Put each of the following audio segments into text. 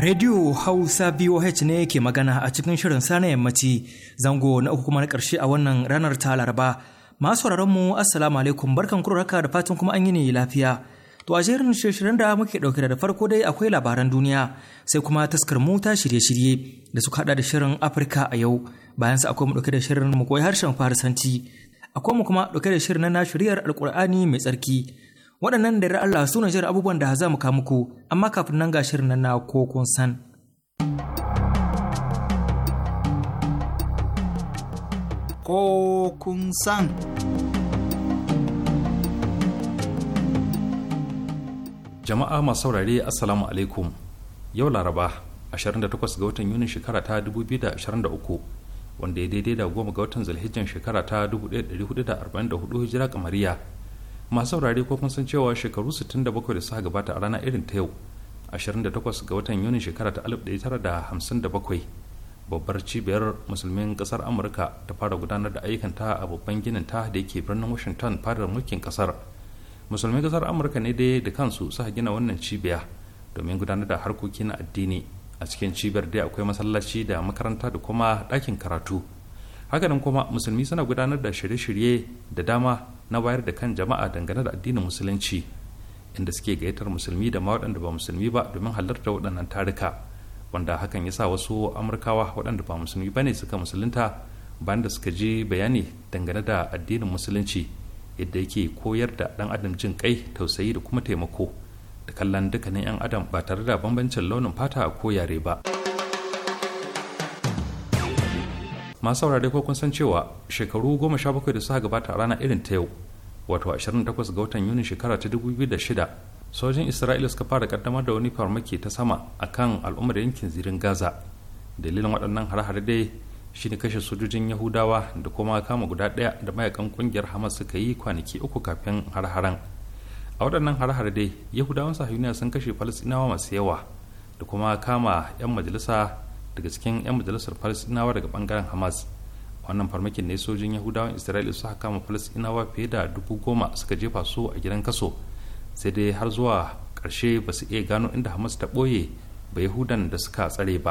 Radio Hausa BOH ne ke magana a cikin shirin sana yammaci zango na uku kuma na ƙarshe a wannan ranar ta Laraba. Masu mu Assalamu alaikum barkan kuraraka da fatan kuma an yi ne lafiya. To a jerin shirin da muke ɗauke da farko dai akwai labaran duniya sai kuma taskar mu ta shirye-shirye da suka haɗa da shirin Afirka a yau bayan sa akwai mu ɗauke da shirin mu koyi harshen Farisanci akwai mu kuma ɗauke da shirin na shiriyar Alƙur'ani mai tsarki waɗannan da Allah su shirin abubuwan da za mu kawo muku amma kafin nan ga shirin nan na kokon san. Kokun san. Jama'a masu saurare Assalamu alaikum yau Laraba 28 ga watan Yunin shekara ta 2023 wanda ya daidai da goma ga watan zalhijjan shekara ta 1444 hijira kamariya masu saurare ko kun san cewa shekaru 67 da suka gabata a rana irin ta yau 28 ga watan yuni shekara ta 1957 babbar cibiyar musulmin kasar amurka ta fara gudanar da ayyukan ta a babban ginin ta da yake birnin washington fadar mulkin kasar musulmin kasar amurka ne dai da kansu suka gina wannan cibiya domin gudanar da harkoki na addini a cikin cibiyar dai akwai masallaci da makaranta da kuma ɗakin karatu hakanan kuma musulmi suna gudanar da shirye-shirye da dama na wayar da kan jama'a dangane da addinin musulunci inda suke gayyatar musulmi da ma waɗanda ba musulmi ba domin halarta waɗannan taruka wanda hakan ya sa wasu amurkawa waɗanda ba musulmi ba ne suka musulunta bayan da suka je bayani dangane da addinin musulunci yadda yake koyar da ɗan adam jin kai tausayi da kuma taimako da kallon dukkanin 'yan adam ba tare da bambancin launin fata ko yare ba. masu saurare ko kun san cewa shekaru goma sha bakwai da suka gabata a rana irin ta yau wato 28 ga watan yuni shekara ta 2006 sojin isra'ila suka fara kaddamar da wani farmaki ta sama akan al'ummar yankin zirin gaza dalilin waɗannan hare-hare dai shine kashe sojojin yahudawa da kuma kama guda ɗaya da mayakan ƙungiyar hamas suka yi kwanaki uku kafin har-haren a waɗannan har-hare dai yahudawan sahiyuniya sun kashe falasinawa masu yawa da kuma kama 'yan majalisa daga cikin 'yan majalisar falasinawa daga bangaren hamas wannan farmakin ne sojin yahudawan isra'ila suka kama falasinawa fiye da dubu goma suka jefa su a gidan kaso sai dai har zuwa karshe ba su iya gano inda hamas ta ɓoye ba yahudan da suka tsare ba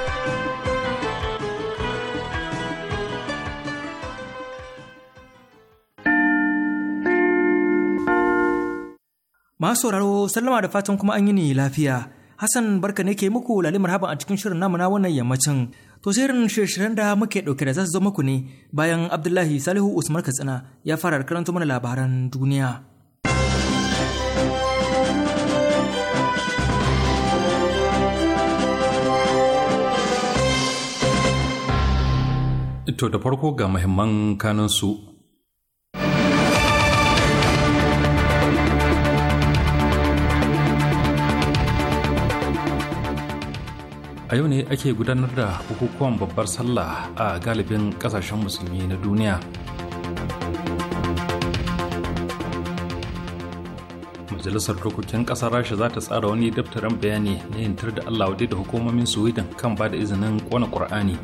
Masu sauraro sallama da fatan kuma an yi ni lafiya. Hassan barka ne ke muku lalimar haban a cikin shirin namu na wannan yammacin. To shirin shirye-shiryen da muke ɗauke da za su zo muku ne bayan Abdullahi Salihu Usman Katsina ya fara karanta mana labaran duniya. To da farko ga muhimman kanansu a yau ne ake gudanar da bukukuwan babbar sallah a galibin kasashen musulmi na duniya majalisar dokokin kasar rasha za ta tsara wani daftarin bayani na yantar da allah waje da hukumomin sweden kan ba da izinin kona kur'ani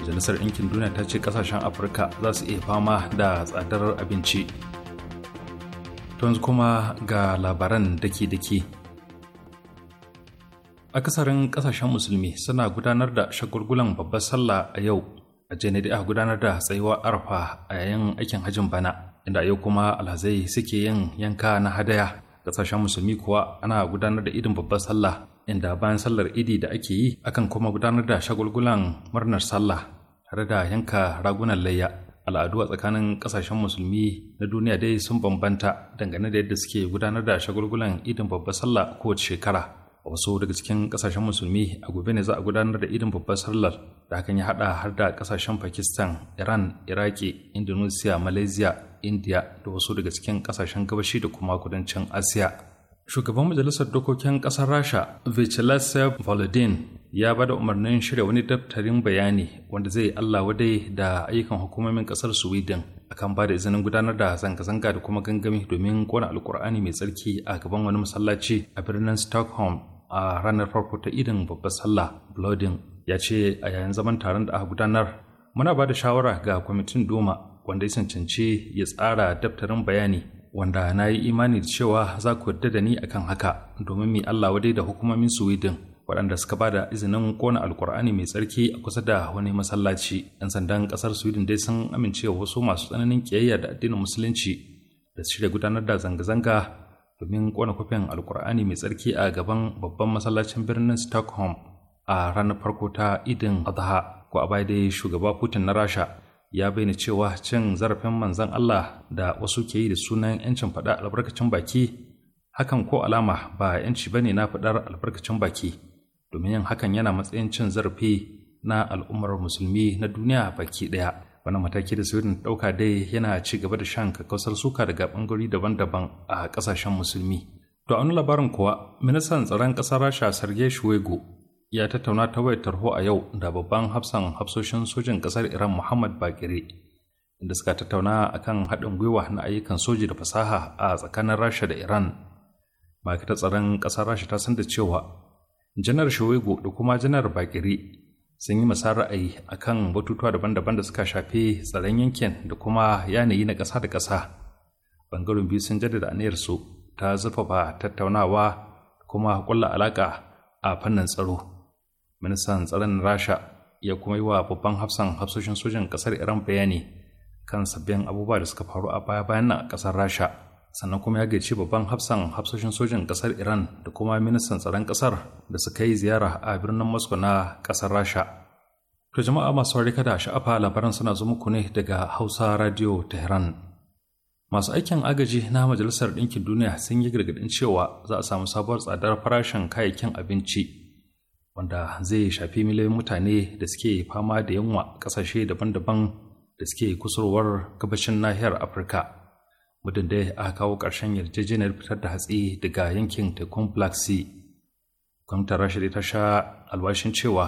majalisar ɗinkin duniya ta ce kasashen afirka za su iya fama da tsadar abinci yanzu kuma ga labaran daki-daki. akasarin kasashen musulmi suna gudanar da shagulgulan babbar sallah a yau a janadi a gudanar da tsayuwar arfa a yayin aikin hajjin bana inda yau kuma alhazai suke yin yanka na hadaya kasashen musulmi kuwa ana gudanar da idin babbar sallah inda bayan sallar idi da ake yi akan kuma gudanar da shagulgulan murnar sallah tare da yanka ragunan layya al'adu a tsakanin kasashen musulmi na duniya dai sun bambanta dangane da yadda suke gudanar da shagulgulan idin babbar sallah kowace shekara a wasu daga cikin kasashen musulmi a gobe ne za a gudanar da irin babbar sallar da hakan ya hada har da kasashen pakistan iran iraki indonesia malaysia india da wasu daga cikin kasashen gabashi da kuma kudancin asiya shugaban majalisar dokokin kasar rasha vyacheslav volodin ya ba da umarnin shirya wani daftarin bayani wanda zai allah wadai da ayyukan hukumomin kasar sweden akan ba da izinin gudanar da zanga-zanga da kuma gangami domin kona alkur'ani mai tsarki a gaban wani masallaci a birnin stockholm a ranar farko ta irin babbar sallah blooding ya ce a yayin zaman taron da aka gudanar muna ba da shawara ga kwamitin doma wanda ya cancanci ya tsara daftarin bayani wanda na yi imani da cewa za ku yarda da ni akan haka domin mi Allah wadai da hukumomin Sweden waɗanda suka ba da izinin kona alkur'ani mai tsarki a kusa da wani masallaci ɗan sandan ƙasar sweden dai sun amince wasu masu tsananin kiyayya da addinin musulunci da shirya gudanar da zanga-zanga domin kona kwafin alkur'ani mai tsarki a gaban babban masallacin birnin stockholm a ranar farko ta idin adha ko a baya dai shugaba putin na rasha ya bayyana cewa cin zarafin manzon allah da wasu ke yi da sunan yancin faɗa albarkacin baki hakan ko alama ba yanci bane na faɗar albarkacin baki domin yin hakan yana matsayin cin zarafi na al'ummar musulmi na duniya baki ɗaya Wannan mataki da sweden ɗauka dai yana ci gaba da shan kakkausar suka daga bangarori daban-daban a ƙasashen musulmi to a labarin kuwa ministan tsaron ƙasar rasha sergei shuwego ya tattauna ta wayar tarho a yau da babban hafsan hafsoshin sojin ƙasar iran muhammad bakire inda suka tattauna akan haɗin gwiwa na ayyukan soji da fasaha a tsakanin rasha da iran ma'aikatar tsaron ƙasar rasha ta san da cewa janar shuwego da kuma janar bakire sun yi masa ra'ayi a kan batutuwa daban-daban da suka shafi tsaron yankin da kuma yanayi na ƙasa da ƙasa bangaren biyu sun jaddada aniyarsu ta zurfafa tattaunawa kuma kulla alaƙa a fannin tsaro ministan tsaron rasha ya kuma yi wa babban hafsan hafsoshin sojan ƙasar iran bayani kan sabbin abubuwa da suka faru a baya-bayan nan a ƙasar rasha sannan kuma ya gaici babban hafsan hafsoshin sojin kasar iran da kuma ministan tsaron kasar da suka yi ziyara a birnin moscow na kasar rasha to jama'a masu warika da sha'afa labaran suna zo muku ne daga hausa radio tehran masu aikin agaji na majalisar ɗinkin duniya sun yi gargaɗin cewa za a samu sabuwar tsadar farashin kayayyakin abinci wanda zai shafi miliyoyin mutane da suke fama da yunwa ƙasashe daban-daban da suke kusurwar gabashin nahiyar afirka muddin dai aka kawo ƙarshen yarjejeniyar fitar da hatsi daga yankin tekun black sea gwamnatin rasha ta sha albashin cewa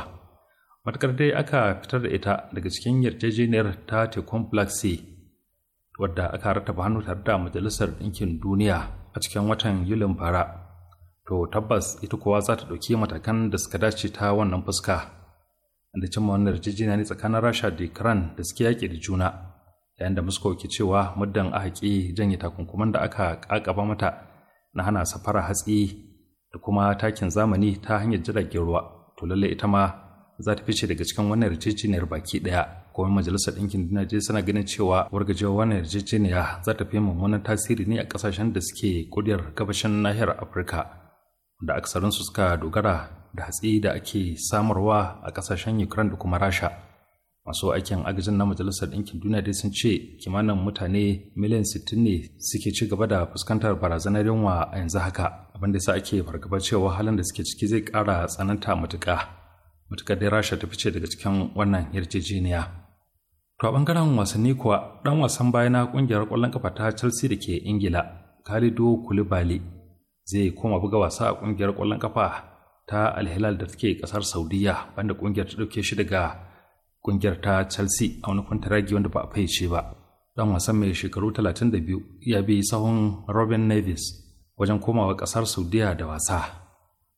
matakar dai aka fitar da ita daga cikin yarjejeniyar ta tekun black sea wadda aka rataba hannu tare da majalisar ɗinkin duniya a cikin watan yulin bara to tabbas ita kuwa za ta ɗauki matakan da suka dace ta wannan fuska da cimma wannan yarjejeniya ne tsakanin rasha da ukraine da suke yaƙi da juna yayin da Moscow ke cewa muddin aka ƙi janye takunkuman da aka ƙaƙaba mata na hana safara hatsi da kuma takin zamani ta hanyar jiragen ruwa to lalle ita ma za ta fice daga cikin wannan yarjejeniyar baki ɗaya kuma majalisar ɗinkin duniya suna ganin cewa wargajewa wannan yarjejeniya za ta fi mummunan tasiri ne a ƙasashen da suke kudiyar gabashin nahiyar afirka da aksarinsu suka dogara da hatsi da ake samarwa a ƙasashen ukraine da kuma rasha masu aikin agajin na majalisar ɗinkin duniya dai sun ce kimanin mutane miliyan sittin ne suke ci gaba da fuskantar barazanar yunwa a yanzu haka abin da sa ake fargaba cewa halin da suke ciki zai kara tsananta matuƙa matuƙar dai rasha ta fice daga cikin wannan yarjejeniya to a ɓangaren wasanni kuwa ɗan wasan baya na ƙungiyar ƙwallon kafa ta chelsea da ke ingila khalidu kulibali zai koma buga wasa a ƙungiyar ƙwallon kafa ta alhilal da take ƙasar saudiya banda ƙungiyar ta ɗauke shi daga kungiyar ta Chelsea a wani ragi wanda ba a fahimce ba. Dan wasan mai shekaru 32 ya bi sahun Robin nevis wajen komawa ƙasar Saudiya da wasa,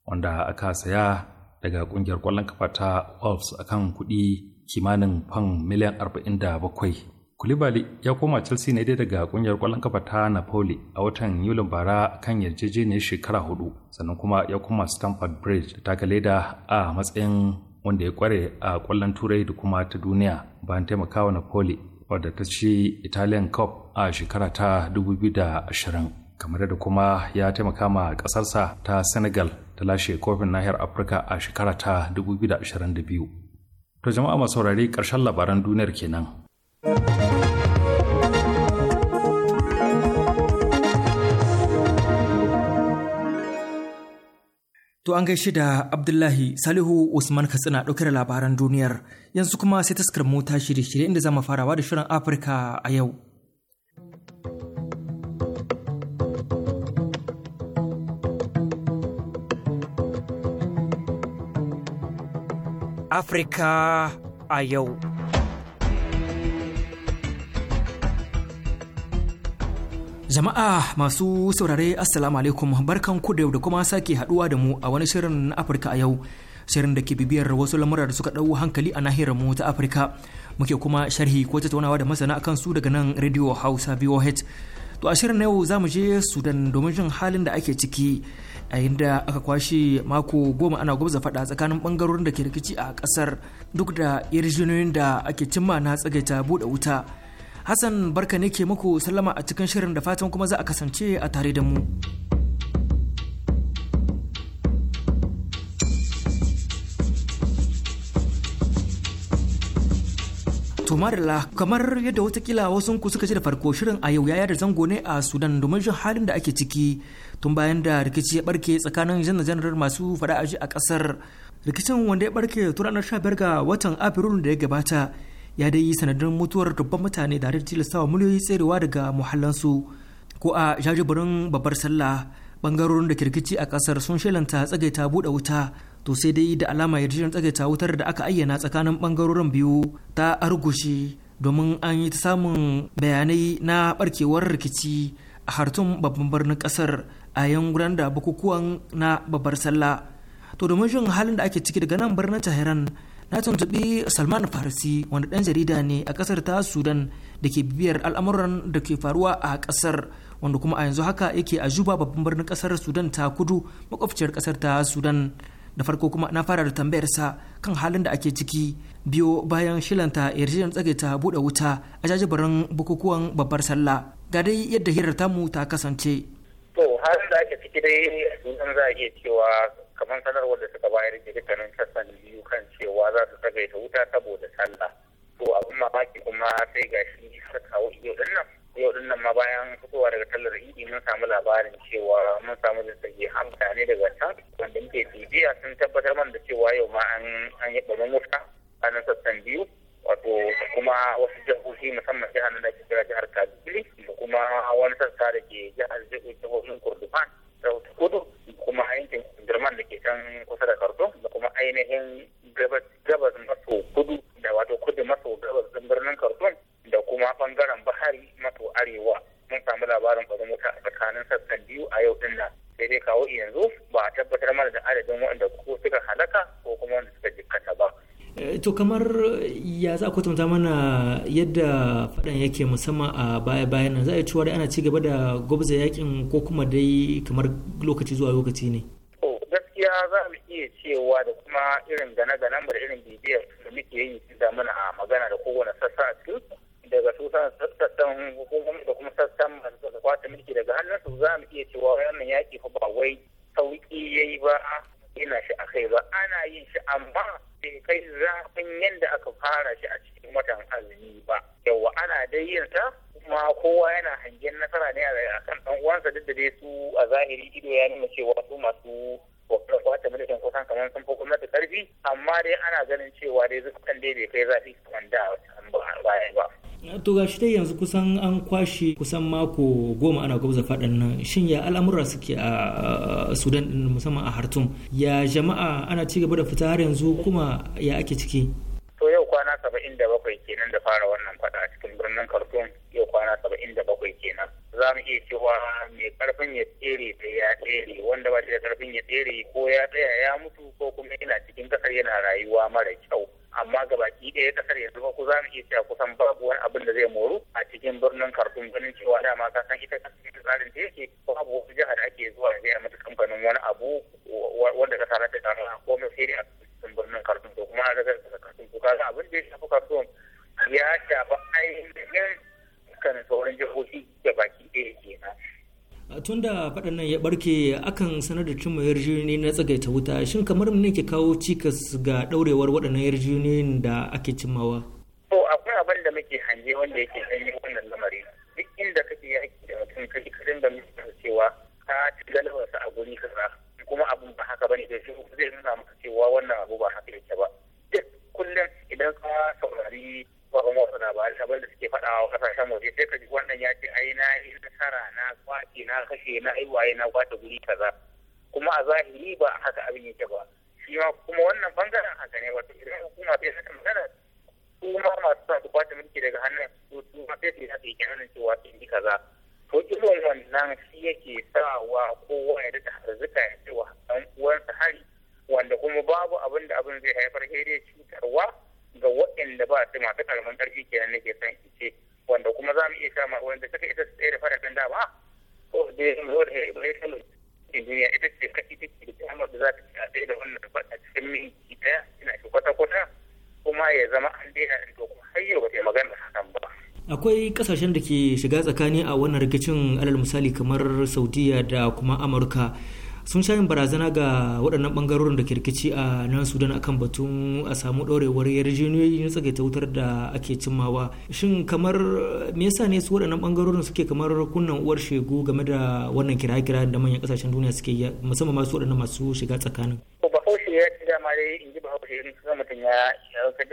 wanda aka saya daga ƙungiyar ƙwallon kafa ta Wolves akan kuɗi kimanin fan miliyan 47. Kulibali ya koma Chelsea ne dai daga kungiyar ƙwallon kafa ta Napoli a watan Yulin bara kan yarjejeniyar shekara hudu, sannan kuma ya koma Stamford Bridge da taka leda a matsayin wanda ya kware a kwallon turai da kuma ta duniya bayan taimakawa napoli wadda ta ci italian cup a shekara ta 2020 kamar da kuma ya taimaka ma kasarsa ta senegal ta lashe kofin nahiyar afirka a shekara ta 2022 to jama'a masaurari ƙarshen labaran duniyar kenan. To an gaishe da Abdullahi Salihu Usman Katsina ɗaukar labaran duniyar yanzu kuma sai taskar mota shirye-shirye inda zama farawa da shirin Afirka a yau. Afirka a yau. Jama'a masu saurare Assalamu alaikum barkan ku da yau da kuma sake haduwa da mu a wani shirin Afirka a yau. Shirin da ke bibiyar wasu lamura da suka ɗau hankali a nahiyar mu ta Afirka. Muke kuma sharhi ko tattaunawa da masana akan su daga nan Radio Hausa VOH. To a shirin yau za mu je Sudan domin jin halin da ake ciki a da aka kwashe mako goma ana gwabza faɗa tsakanin bangarorin da ke rikici a ƙasar duk da yarjinoyin da ake cimma na tsagaita buɗe wuta. Hassan barka ne ke muku sallama a cikin shirin da fatan kuma za a kasance a tare da mu. Tumarila kamar yadda watakila wasu ku suka ce da farko shirin a yau yaya da zango ne a Sudan domin jin halin da ake ciki tun bayan da rikici ya barke tsakanin janar masu fada a a kasar rikicin wanda ya barke tun ranar 15 ga watan Afrilu da ya gabata ya dai yi sanadin mutuwar dubban mutane da tilastawa miliyoyi tserewa daga muhallansu ko a jajibirin babbar sallah bangarorin da kirkici a kasar sun shelanta tsagaita buɗe wuta to sai dai da alama yarjejen tsagaita wutar da aka ayyana tsakanin bangarorin biyu ta argushe domin an yi ta samun bayanai na barkewar rikici a hartun babban birnin kasar a yankunan da bukukuwan na babbar sallah to domin shin halin da ake ciki daga nan birnin tehran na tuntuɓi salman farisi wanda ɗan jarida ne a kasar ta sudan da ke bibiyar al'amuran da ke faruwa a ƙasar wanda kuma a yanzu haka yake a juba babban birnin ƙasar sudan ta kudu makwabciyar kasar ta sudan da farko kuma na fara da tambayarsa kan halin da ake ciki biyo bayan shilanta yarjejen tsage ta buɗe wuta a jajibarin bukukuwan babbar sallah ga dai yadda hirar tamu ta kasance. to halin da ake ciki dai sunan za a iya cewa kamar sanarwar da suka bayar da dukkanin sassan biyu kan cewa za su tsagaita wuta saboda sallah to abin mamaki kuma sai ga shi kawo yau din nan yau din nan ma bayan fitowa daga tallar idi mun samu labarin cewa mun samu zazzage hamsa ne daga can wanda muke bibiya sun tabbatar man da cewa yau ma an yi ɓaman wuta nan sassan biyu wato kuma wasu jihohi musamman jihar da ke kira jihar kaduna da kuma wani sassa da ke jihar jihohin kurdufan da kudu kuma yankin Durman da ke kan kusa da Khartoum da kuma ainihin gabas maso kudu da wato kudu maso gabas din birnin Khartoum da kuma bangaren Bahari maso arewa mun samu labarin bazan wuta a tsakanin sassan biyu a yau din nan sai dai kawo yanzu ba a tabbatar mana da adadin wanda ko suka halaka ko kuma wanda suka jikkata ba. Eh, to kamar ya za a kwatanta mana yadda faɗan yake musamman a baya-bayan nan za a yi cewa dai ana ci gaba da gwabza yakin ko kuma dai kamar lokaci zuwa lokaci ne. za mu iya cewa da kuma irin gane-ganen mu da irin bibiyar da muke yi da muna magana da kowane sassa a cikin daga su sassan hukumomi da kuma sassan masu da kwata mulki daga su za mu iya cewa wannan yaƙi fa ba wai sauƙi ya yi ba ina shi akai ba ana yin shi amma bai kai zafin yadda aka fara shi a cikin watan azumi ba yawa ana dai yin sa kuma kowa yana hangen nasara ne a kan ɗan uwansa duk da dai su a zahiri ido ya nuna cewa su masu wata mulkin kusan kamar sun fi gwamnati karfi amma dai ana ganin cewa dai zukan dai bai kai zafi kamar da baya ba. to gashi dai yanzu kusan an kwashe kusan mako goma ana gwabza faɗan nan shin ya al'amura suke a sudan musamman a hartum ya jama'a ana ci gaba da fita har yanzu kuma ya ake ciki to yau kwana saba'in da bakwai kenan da fara wannan faɗa cikin birnin khartoum yau kwana saba'in da bakwai kenan za mu iya cewa mai karfin ya tsere da ya tsere wanda ba shi da karfin ya tsere ko ya tsaya ya mutu ko kuma yana cikin kasar yana rayuwa mara kyau amma gabaki baki ɗaya kasar yanzu ba ku za mu iya cewa kusan babu wani abin da zai moru a cikin birnin karfin ganin cewa dama ka san ita kasar tsarin da yake babu wasu jiha da ake zuwa zai a mata kamfanin wani abu wanda ka tare da ra ko mai sai a cikin birnin karfin ko kuma a kasar karfin ko kaza abin da ya shafi karfin ya shafi ainihin dukkanin sauran jihohi da baki ɗaya kenan tun da faɗannan ya barke akan sanar da cimma yarjejeni na tsagaita wuta shin kamar ne ke kawo cikas ga ɗaurewar waɗannan yarjejeniyoyin da ake cimmawa to akwai abin da muke hange wanda yake hanyar wannan lamarin duk inda kake yaki da mutum kai ka dinga mutunta cewa ka ci galabarsa a guri kaza kuma abun ba haka bane da shi zai nuna maka cewa wannan abu ba haka yake ba duk kullum idan ka saurari wasu labarai abin da suke faɗa wa kasashen waje sai ka ji wannan ya ce ai na yi nasara na kwaki na kashe na aiwaye na kwata guri kaza kuma a zahiri ba haka abin yake ba shi ma kuma wannan bangaren haka ne wato idan hukuma sai saka magana su ma masu sa su kwata mulki daga hannun su su ma sai su yi haka yake nan cewa su yi kaza to irin wannan shi yake sawa kowa ya daɗa harzuka ya ce wa ɗan uwansa hari wanda kuma babu abin da abin zai haifar sai dai cutarwa ga waɗanda ba su masu karamin ƙarfi kenan nake san ce wanda kuma za mu iya sha ma wanda suka isa su tsaye da fara da ba ko da ya zama da ya kalo duniya ita ce kashi ce da kyamar da za ta ci a tsaye da wannan faɗa cikin minti ɗaya ina shi kwata-kwata kuma ya zama an daina to kuma har yau ba ta magana hakan ba. akwai kasashen da ke shiga tsakani a wannan rikicin alal misali kamar saudiya da kuma amurka sun sha yin barazana ga waɗannan ɓangarorin da kirkici a nan sudan akan batun a samu ɗorewar na tsagaita wutar da ake cimmawa shin kamar me yasa ne su waɗannan ɓangarorin suke kamar kunnan uwar shegu game da wannan kira-kira da manyan ƙasashen duniya suke yi musamman masu waɗannan masu shiga tsakanin bahaushe ya ci dama dai in ji bahaushe in mutum ya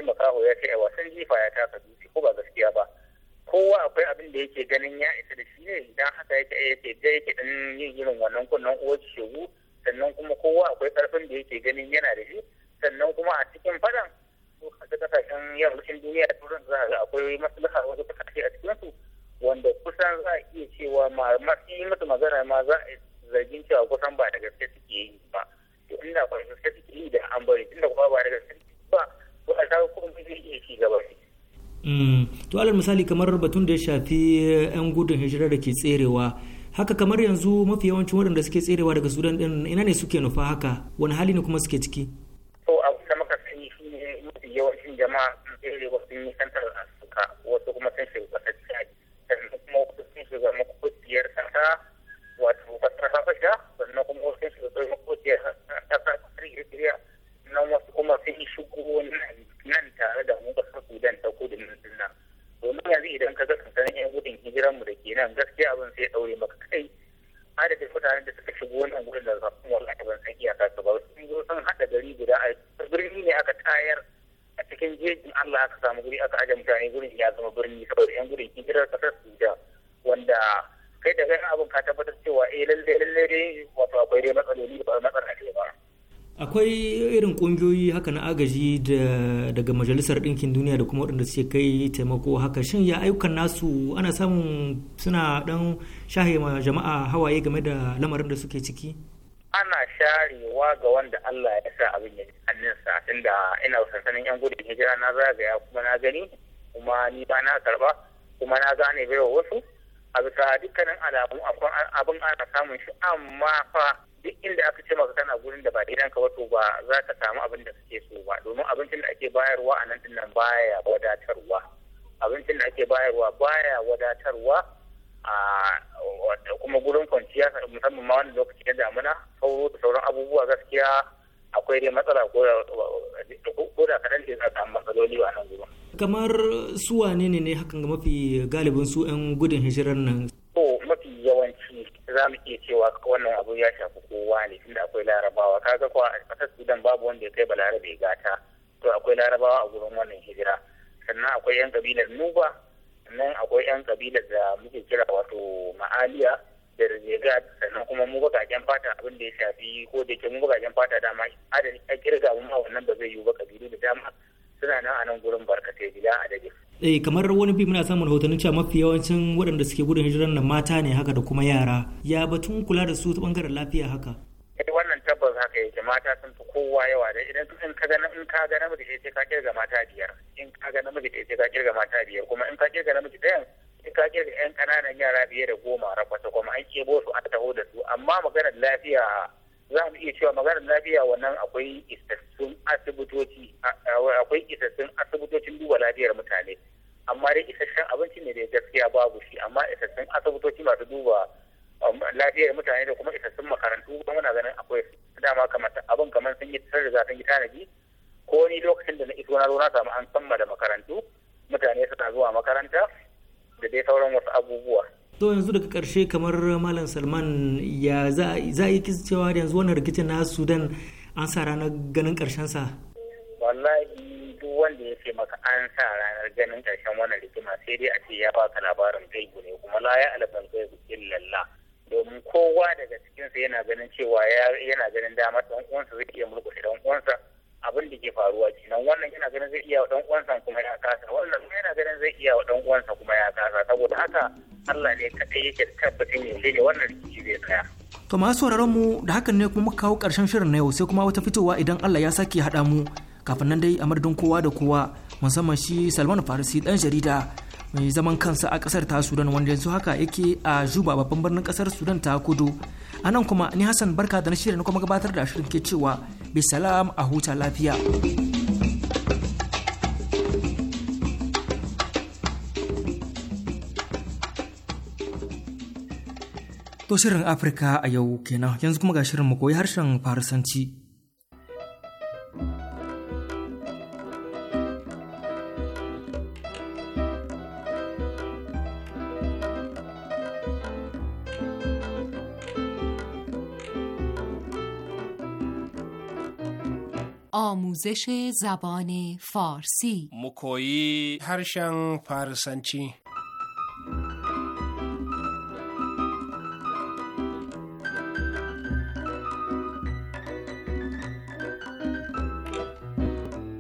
makaho ya ce a wasan jifa ya taka dutse ko ba gaskiya ba kowa akwai abin da yake ganin ya isa da shi ne idan haka yake eh, yake ga yake dan yin irin wannan kunnen uwar shegu sannan kuma kowa akwai karfin da yake ganin yana da shi sannan kuma a cikin fadan da kasashen yammacin duniya da turan za ga akwai maslaha wasu kasashe a cikin su wanda kusan za a iya cewa masu yi musu magana ma za a zargin cewa kusan ba da gaske suke yi ba to inda ba gaske suke yi da an bari inda kuma ba da gaske ba to a kawo kuma zai iya shiga Mm. to alal misali kamar batun da ya shafi 'yan gudun hijira da ke tserewa haka kamar yanzu mafi yawancin waɗanda suke tserewa daga sudan din ina ne suke nufa haka wani hali ne kuma suke ciki to abu da muka sani shi ne mafi yawancin jama'a sun tsere sun yi kantar haka na agaji daga majalisar ɗinkin duniya da kuma waɗanda suke kai taimako haka shin ya ayyukan nasu ana samun suna ɗan shahe ma jama'a hawaye game da lamarin da suke ciki ana sharewa ga wanda Allah ya sa abin ya hannunsa tunda ina sansanin yan gudun hijira na zagaya kuma na gani kuma ni ba na karba kuma na gane baiwa wasu a bisa dukkanin alamu abin ana samun shi amma fa duk inda aka ce maka kana gurin da ba gidanka ba ba za ka samu abin da abincin da ake bayarwa a nan din nan baya wadatarwa abincin da ake bayarwa baya wadatarwa a kuma gurin kwanciya musamman ma wani lokaci na damuna sauro da sauran abubuwa gaskiya akwai dai matsala ko da kaɗan ce za a matsaloli a nan gurin. kamar su wane ne ne hakan ga mafi galibin su 'yan gudun hijirar nan to mafi yawanci za mu iya cewa wannan abu ya shafi kowa ne tunda akwai larabawa kaga kuwa a ƙasar sudan babu wanda ya kai balarabe gata to akwai larabawa a gurin wannan hijira sannan akwai yan kabilar nuba sannan akwai yan kabilar da muke kira wato ma'aliya da rizegat sannan kuma mu bakaken fata abin da ya shafi ko da ke mu bakaken fata dama adadin a kirga mu ma wannan ba zai yiwu ba kabilu da dama suna nan a nan gurin barkatai gida a daji. Eh kamar wani bi muna samun rahotannin cewa mafi yawancin waɗanda suke gudun hijiran nan mata ne haka da kuma yara ya batun kula da su ta bangaren lafiya haka. eh wannan tabbas haka yake mata sun fi kowa yawa da idan in ka ga in ka ga namiji sai ka kirga mata biyar in ka ga namiji sai ka kirga mata biyar kuma in ka kirga namiji ɗayan sai ka kirga yan ƙananan yara biye da goma rakwata kuma an kebo su an taho da su amma maganar lafiya za mu iya cewa maganar lafiya wannan akwai isassun asibitoci akwai isassun asibitocin duba lafiyar mutane amma dai isassun abinci ne da gaskiya babu shi amma isassun asibitoci masu duba lafiyar mutane da kuma isassun makarantu ba muna ganin akwai dama kamata abin kamar sun yi sun da sun yi tanadi ko ni lokacin da na iso na zo na samu an samma da makarantu mutane suna zuwa makaranta da dai sauran wasu abubuwa to yanzu daga karshe kamar malam salman ya za a yi cewa da yanzu wannan rikicin na sudan an sa ranar ganin karshen sa wallahi duk wanda ya ce maka an sa ranar ganin karshen wannan rikima sai dai a ce ya baka labarin gaibu ne kuma la ya alban gaibu illallah domin kowa daga cikinsa yana ganin cewa yana ganin dama ɗan uwansa zai iya ɗan uwansa abin da ke faruwa kenan wannan yana ganin zai iya wa uwansa kuma ya kasa wannan yana ganin zai iya wa uwansa kuma ya kasa saboda haka Allah ne ka kai yake tabbatin yaushe ne wannan rikici zai tsaya to masu sauraron mu da hakan ne kuma kawo karshen shirin na yau sai kuma wata fitowa idan Allah ya sake haɗa mu kafin nan dai a madadin kowa da kowa musamman shi Salman Farisi dan jarida mai zaman kansa a kasar ta sudan wanda yanzu haka yake a juba babban birnin kasar sudan ta kudu a nan kuma ni hassan barka da na shirya na kuma gabatar da shirin ke cewa bisalam a huta lafiya To Afirka a yau kenan yanzu kuma ga shirin mu koyi harshen Farisanci. آموزش زبان فارسی koyi هرشن فارسنچی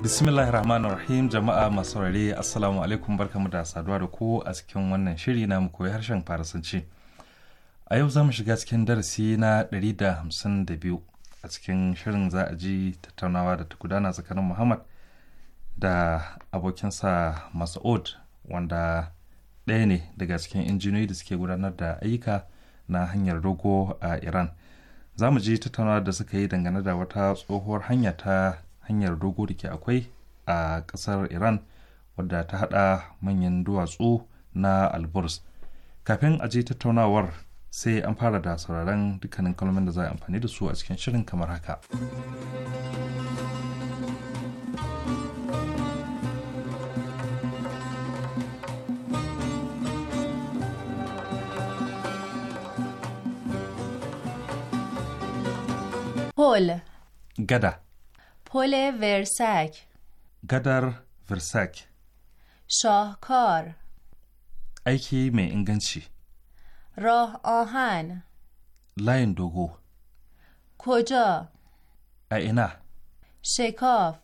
bismillahir rahmanir rahim jama'a masu saurare assalamu alaikum barkamu da saduwa da ku a cikin wannan shiri na koyi harshen farasanci a yau za mu shiga cikin darasi na 152 a cikin shirin za a ji tattaunawa da ta gudana tsakanin muhammad da abokinsa masa'ud wanda ɗaya ne daga cikin injiniyoyi da suke gudanar da ayyuka na hanyar dogo a iran za mu ji tattaunawa da suka yi dangane da wata tsohuwar hanya ta hanyar dogo da ke akwai a ƙasar iran wadda ta haɗa manyan duwatsu na alburs kafin a ji tattaunawar sai an fara da sauraron dukkanin kalmomin da za a amfani da su a cikin shirin kamar haka. Pol. gada. Pole ورسک gadar ورسک Shahkar. aiki mai inganci. راه آهن لاین دوگو کجا اینا شکاف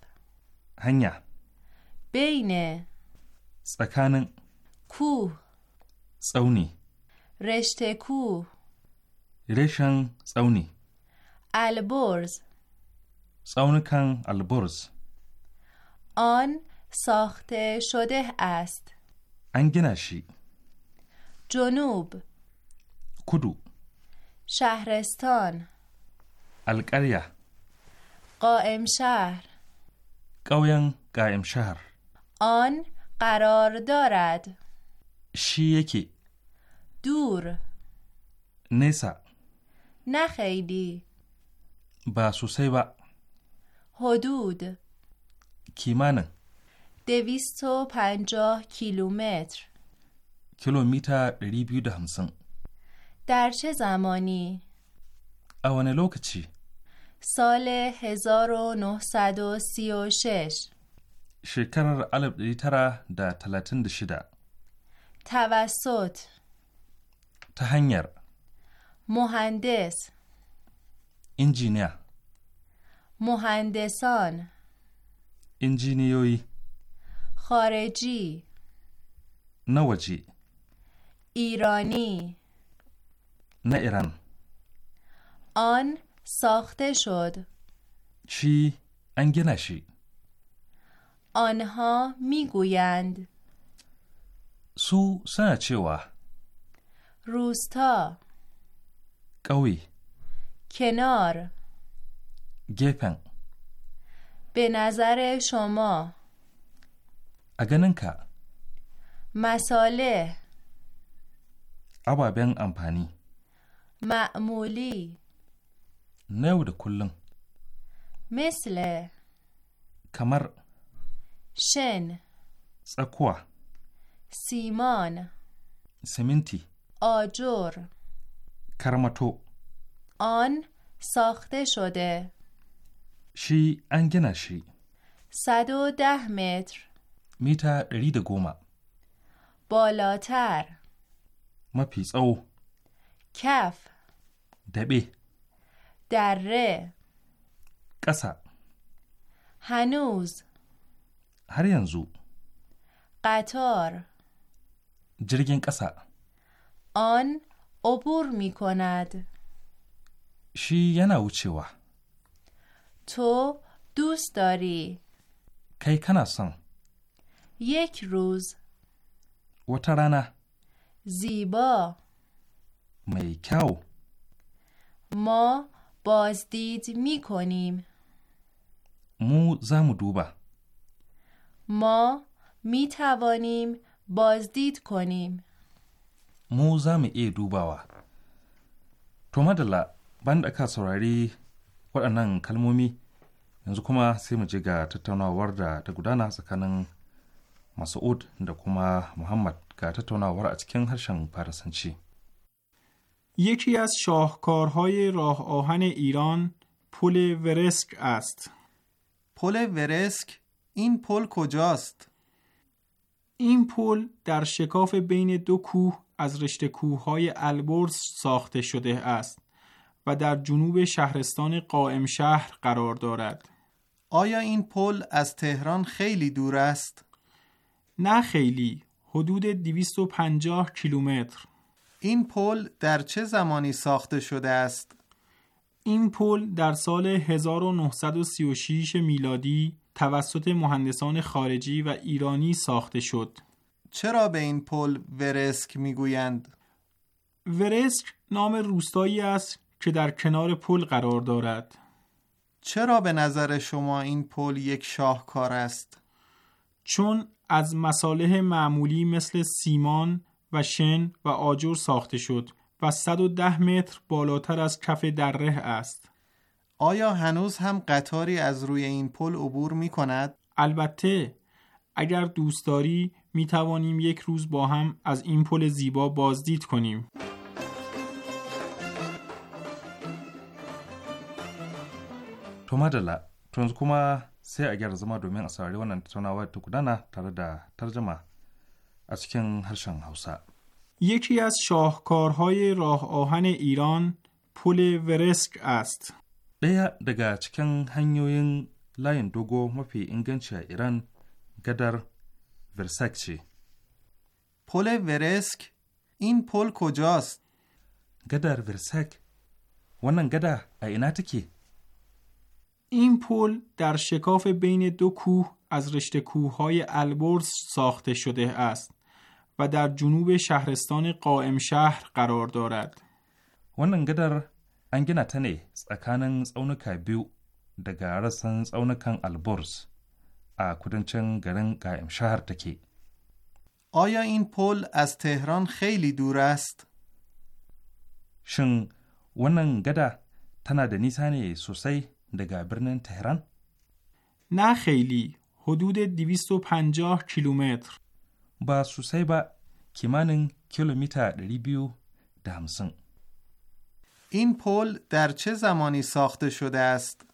هنیا بین سکان کوه سونی رشته کوه رشن سونی البرز سونکن البرز آن ساخته شده است انگنشی جنوب کدو شهرستان القریه قائم شهر قویان قائم شهر آن قرار دارد شی یکی دور نسا نه خیلی با سوسی با حدود کیمان دویست و پنجاه کیلومتر کیلومتر ری در چه زمانی؟ اوانه لوکچی سال 1936 شکرر علب دیتره در تلاتند شده توسط تهنگر مهندس انجینیر مهندسان انجینیوی خارجی نوجی ایرانی نه ایران آن ساخته شد چی نشید آنها میگویند سو سنا و روستا قوی کنار گپن به نظر شما اگننکا مساله ابابن امپانی معمولی نو ده کلن مثل کمر شن سکوا سیمان سمنتی آجر کرماتو آن ساخته شده شی انگنه شی صد و ده متر میتا رید گوما بالاتر ما پیس او کف daɓe dare ƙasa hannus har yanzu ƙator jirgin ƙasa on obur mikonad shi yana wucewa to dustari kai kana son yake ruz wata rana Zibo. mai kyau ما بازدید می کنیم مو زم دوبه ما می توانیم بازدید کنیم مو زم ای دوباوا تو مدلا بند اکا سراری waɗannan kalmomi yanzu kuma sai mu je ga tattaunawar da ta gudana tsakanin Mas'ud da kuma Muhammad ga tattaunawar a cikin harshen faransanci. یکی از شاهکارهای راه آهن ایران پل ورسک است. پل ورسک این پل کجاست؟ این پل در شکاف بین دو کوه از رشته کوههای البرز ساخته شده است و در جنوب شهرستان قائم شهر قرار دارد. آیا این پل از تهران خیلی دور است؟ نه خیلی، حدود 250 کیلومتر. این پل در چه زمانی ساخته شده است؟ این پل در سال 1936 میلادی توسط مهندسان خارجی و ایرانی ساخته شد. چرا به این پل ورسک میگویند؟ ورسک نام روستایی است که در کنار پل قرار دارد. چرا به نظر شما این پل یک شاهکار است؟ چون از مصالح معمولی مثل سیمان و شن و آجر ساخته شد و 110 متر بالاتر از کف دره است. آیا هنوز هم قطاری از روی این پل عبور می کند؟ البته اگر دوست داری می توانیم یک روز با هم از این پل زیبا بازدید کنیم. تو از کن یکی از شاهکارهای راه آهن ایران پل ورسک است. بیا دگا چکن hanyoyin لاین دوگو مفی inganci ایران ایران گدر ورسک پل ورسک این پل کجاست؟ گدر ورسک ونن گدا a کی؟ این پل در شکاف بین دو کوه از رشته کوههای البرز ساخته شده است. و در جنوب شهرستان قائم شهر قرار دارد. wannan gadar an gina ta ne tsakanin tsaunuka biyu daga rassan tsaunukan albors a kudancin garin قائم شهر take. آیا این پل از تهران خیلی دور است؟ shin wannan gada tana da nisa ne sosai daga birnin Tehran? Na خیلی حدود 250 کیلومتر ba sosai ba kimanin کیلومتر 250 این پل در چه زمانی ساخته شده است؟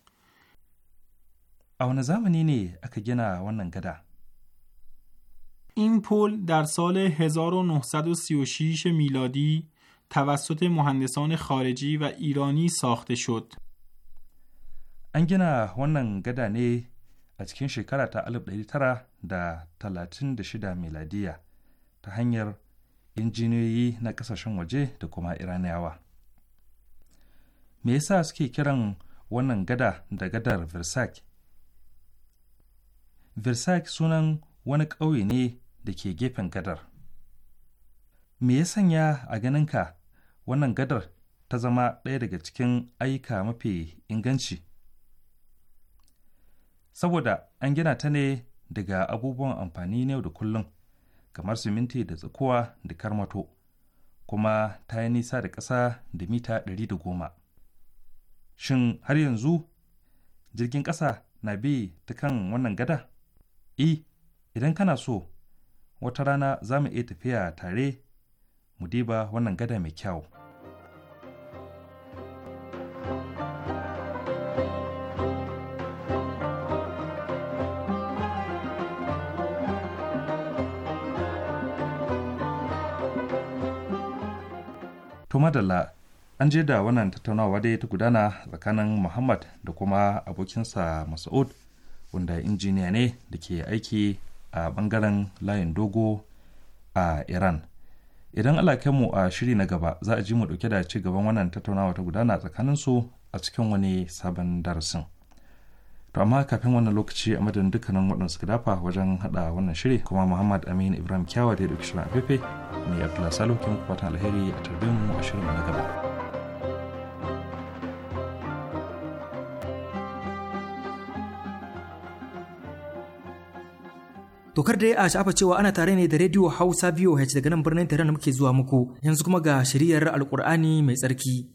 اون زمانی نه اکا گنا ونن گدا این پل در سال 1936 میلادی توسط مهندسان خارجی و ایرانی ساخته شد. انگینا ونن wannan نی از a cikin shekara ta da 36 miladiya ta hanyar injiniyoyi na kasashen waje da kuma iraniyawa me yasa suke kiran wannan gada da gadar versailles versailles sunan wani ƙauye ne da ke gefen gadar me ya sanya a ganinka wannan gadar ta zama ɗaya daga cikin aika mafi inganci saboda an gina ta ne daga abubuwan amfani na yau da kullum kamar siminti da tsakuwa da karmato kuma ta yi nisa da ƙasa da mita ɗari da goma. shin har yanzu jirgin ƙasa na bi ta kan wannan gada E, idan kana so wata rana za mu iya tafiya tare mu diba wannan gada mai kyau. To madalla an je da wannan tattaunawa dai ta gudana tsakanin Muhammad da kuma abokinsa Mas'ud wanda injiniya ne da ke aiki a bangaren layin dogo a Iran. Idan mu a shiri na gaba za a ji mu dauke da ci gaban wannan tattaunawa ta gudana tsakanin su a cikin wani sabon darasin. to amma kafin wannan lokaci a madadin dukkanin waɗanda suka dafa wajen haɗa wannan shiri kuma muhammad amin ibrahim kyawa da ya ɗauki shirin a fefe ne abdullahi salo ke muku fatan alheri a tarbin mu a shirin na gaba. Dokar da ya a shafa cewa ana tare ne da rediyo Hausa VOH daga nan birnin tare da muke zuwa muku yanzu kuma ga shiriyar Alkur'ani mai tsarki.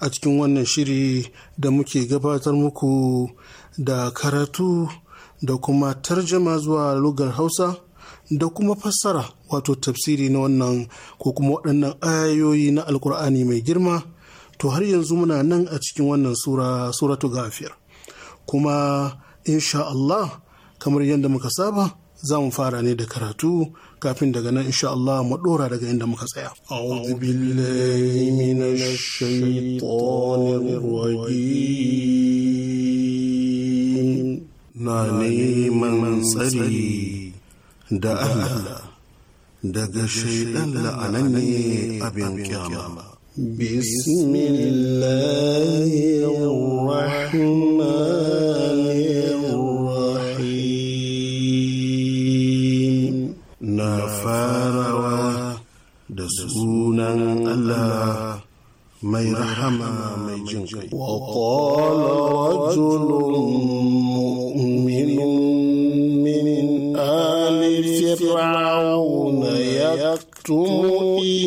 a cikin wannan shiri da muke gabatar muku da karatu da kuma tarjama zuwa lugar hausa da kuma fassara wato tafsiri na wannan ko kuma waɗannan ayoyi na alkur'ani mai girma to har yanzu muna nan a cikin wannan sura suratu gafiyar kuma insha Allah kamar yadda muka saba za mu fara ne da karatu kafin daga nan insha Allah mu dora daga inda muka tsaya a'udhu billahi minash shaitanir rajim na neman tsari da Allah daga shaidan la'ananne abin kyama بسم الله Allah mai rahama mai jin kai. Wa qala rajulun mu'minun min ali fir'auna